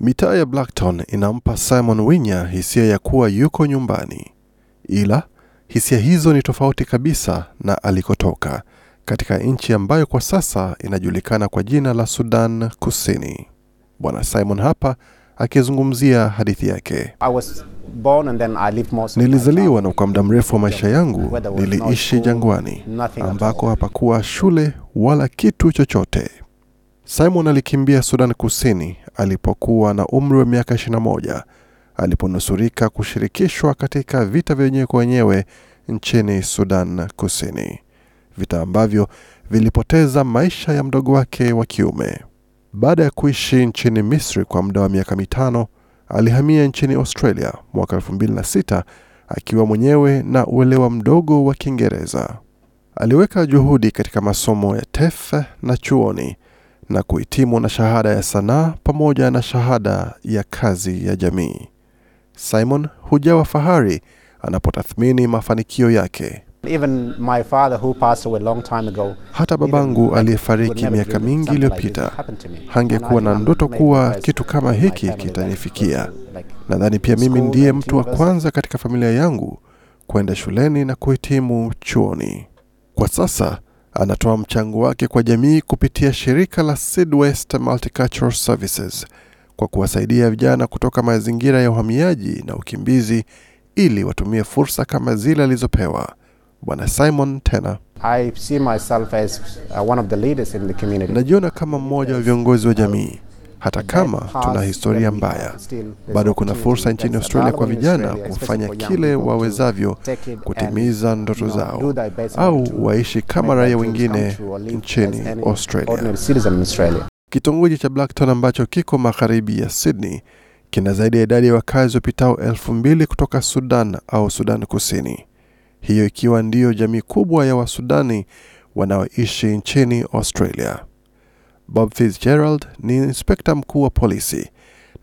Mitaa ya Blackton inampa Simon Winya hisia ya kuwa yuko nyumbani, ila hisia hizo ni tofauti kabisa na alikotoka katika nchi ambayo kwa sasa inajulikana kwa jina la Sudan Kusini. Bwana Simon hapa akizungumzia hadithi yake. Nilizaliwa na kwa muda mrefu wa maisha yangu niliishi jangwani ambako hapakuwa shule wala kitu chochote. Simon alikimbia Sudan Kusini alipokuwa na umri wa miaka 21 aliponusurika kushirikishwa katika vita vya wenyewe kwa wenyewe nchini Sudan Kusini, vita ambavyo vilipoteza maisha ya mdogo wake wa kiume. Baada ya kuishi nchini Misri kwa muda wa miaka mitano, alihamia nchini Australia mwaka 2006 akiwa mwenyewe na uelewa mdogo wa Kiingereza. Aliweka juhudi katika masomo ya TEF na chuoni na kuhitimu na shahada ya sanaa pamoja na shahada ya kazi ya jamii. Simon hujawa fahari anapotathmini mafanikio yake. Even my father who passed away long time ago, hata babangu aliyefariki miaka mingi iliyopita hangekuwa na ndoto kuwa kitu kama hiki kitanifikia. Nadhani pia mimi ndiye mtu wa kwanza katika familia yangu kwenda shuleni na kuhitimu chuoni. Kwa sasa anatoa mchango wake kwa jamii kupitia shirika la Sidwest Multicultural Services kwa kuwasaidia vijana kutoka mazingira ya uhamiaji na ukimbizi ili watumie fursa kama zile alizopewa. Bwana Simon tena uh, najiona kama mmoja wa viongozi wa jamii hata kama tuna historia mbaya, bado kuna fursa nchini Australia kwa vijana kufanya kile wawezavyo kutimiza ndoto zao au waishi kama raia wengine nchini Australia. Kitongoji cha Blacktown ambacho kiko magharibi ya Sydney kina zaidi ya idadi ya wakazi wapitao elfu mbili kutoka Sudan au Sudan Kusini, hiyo ikiwa ndiyo jamii kubwa ya Wasudani wanaoishi nchini Australia. Bob Fitzgerald ni inspekta mkuu wa polisi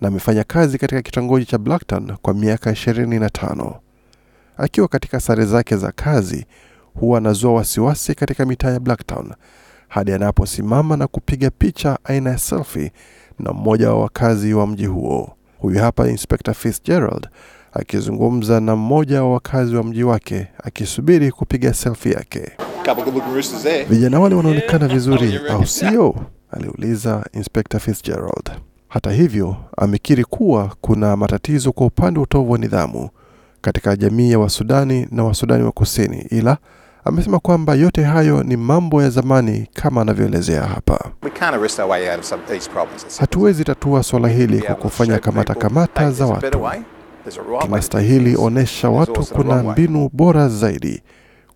na amefanya kazi katika kitongoji cha Blackton kwa miaka 25. Akiwa katika sare zake za kazi, huwa anazua wasiwasi katika mitaa ya Blacktown hadi anaposimama na kupiga picha aina ya selfie na mmoja wa wakazi wa mji huo. Huyu hapa Inspekta Fitzgerald akizungumza na mmoja wa wakazi wa mji wake akisubiri kupiga selfie yake. Vijana wale wanaonekana vizuri, au sio? aliuliza Inspekta Fitzgerald. Hata hivyo, amekiri kuwa kuna matatizo kwa upande wa utovu wa nidhamu katika jamii ya Wasudani na Wasudani wa Kusini, ila amesema kwamba yote hayo ni mambo ya zamani kama anavyoelezea hapa. Hatuwezi tatua swala hili kwa kufanya kamata kamata za watu. Tunastahili onyesha watu kuna mbinu bora zaidi,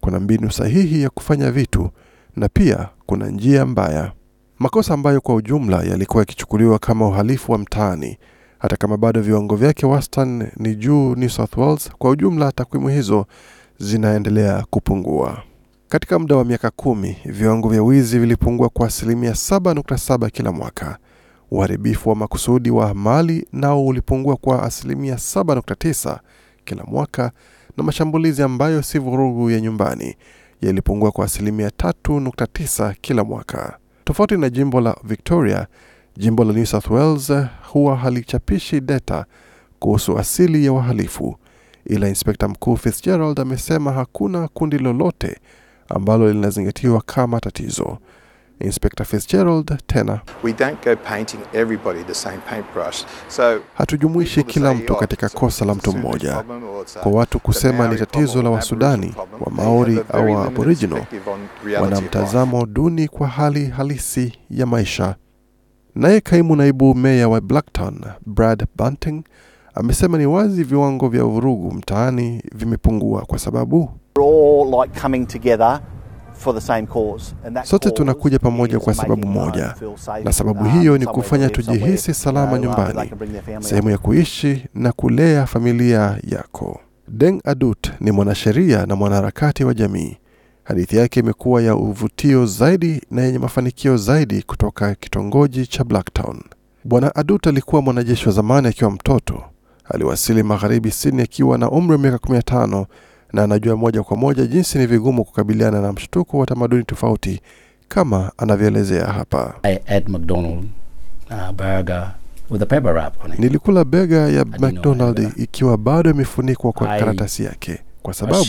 kuna mbinu sahihi ya kufanya vitu na pia kuna njia mbaya makosa ambayo kwa ujumla yalikuwa yakichukuliwa kama uhalifu wa mtaani, hata kama bado viwango vyake wastani ni juu New South Wales. Kwa ujumla, takwimu hizo zinaendelea kupungua. Katika muda wa miaka kumi, viwango vya wizi vilipungua kwa asilimia 7.7 kila mwaka. Uharibifu wa makusudi wa mali nao ulipungua kwa asilimia 7.9 kila mwaka, na mashambulizi ambayo si vurugu ya nyumbani yalipungua kwa asilimia 3.9 kila mwaka. Tofauti na jimbo la Victoria, jimbo la New South Wales huwa halichapishi data kuhusu asili ya wahalifu, ila inspekta mkuu Fitzgerald amesema hakuna kundi lolote ambalo linazingatiwa kama tatizo. Inspector Fitzgerald tena. We don't go painting everybody the same paintbrush. So hatujumuishi kila mtu oh, katika kosa la mtu mmoja. Kwa watu kusema ni tatizo la Wasudani wa Maori au wa Aboriginal, wana mtazamo duni kwa hali halisi ya maisha. Naye kaimu naibu meya wa Blacktown Brad Bunting amesema ni wazi viwango vya vurugu mtaani vimepungua kwa sababu We're all like coming together Sote tunakuja pamoja kwa sababu moja, na sababu hiyo ni kufanya tujihisi salama nyumbani, sehemu ya kuishi na kulea familia yako. Deng Adut ni mwanasheria na mwanaharakati wa jamii. Hadithi yake imekuwa ya uvutio zaidi na yenye mafanikio zaidi kutoka kitongoji cha Blacktown. Bwana Adut alikuwa mwanajeshi wa zamani akiwa mtoto. Aliwasili magharibi Sydney akiwa na umri wa miaka 15 na anajua moja kwa moja jinsi ni vigumu kukabiliana na mshtuko wa tamaduni tofauti kama anavyoelezea hapa. uh, with a paper wrap on it. Nilikula bega ya McDonald ikiwa bado imefunikwa kwa karatasi yake kwa sababu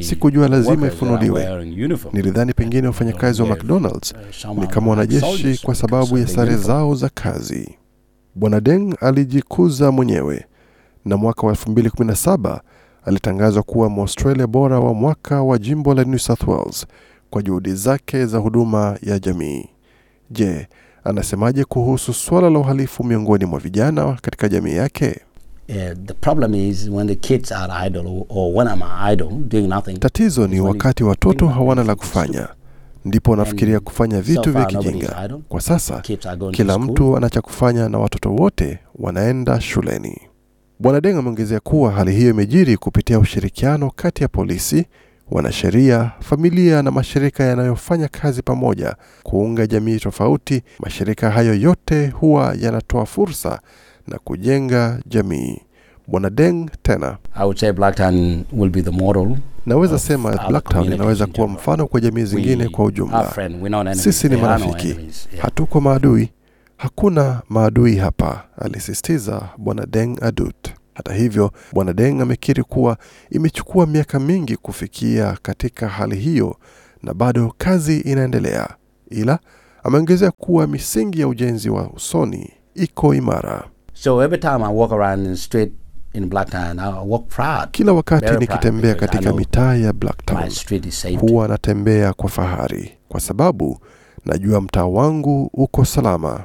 sikujua lazima ifunuliwe. Nilidhani pengine wafanyakazi wa uh, McDonald's ni kama wanajeshi kwa sababu ya sare zao za kazi. Bwana Deng alijikuza mwenyewe na mwaka wa 2017 alitangazwa kuwa Mwaustralia bora wa mwaka wa jimbo la New South Wales kwa juhudi zake za huduma ya jamii. Je, anasemaje kuhusu suala la uhalifu miongoni mwa vijana katika jamii yake? Tatizo ni wakati watoto hawana la kufanya, ndipo wanafikiria kufanya vitu so vya kijinga. Kwa sasa kila mtu ana cha kufanya na watoto wote wanaenda shuleni. Bwana Deng ameongezea kuwa hali hiyo imejiri kupitia ushirikiano kati ya polisi, wanasheria, familia na mashirika yanayofanya kazi pamoja kuunga jamii tofauti. Mashirika hayo yote huwa yanatoa fursa na kujenga jamii. Bwana Deng tena, I Blacktown will be the model Naweza sema Blacktown inaweza kuwa mfano kwa jamii zingine kwa ujumla. sisi ni marafiki, hatuko maadui. Hakuna maadui hapa, alisisitiza Bwana Deng Adut. Hata hivyo, Bwana Deng amekiri kuwa imechukua miaka mingi kufikia katika hali hiyo na bado kazi inaendelea, ila ameongezea kuwa misingi ya ujenzi wa usoni iko imara. So every time I walk around in street in Blacktown, I walk proud. Kila wakati nikitembea katika mitaa ya Blacktown huwa natembea kwa fahari, kwa sababu najua mtaa wangu uko salama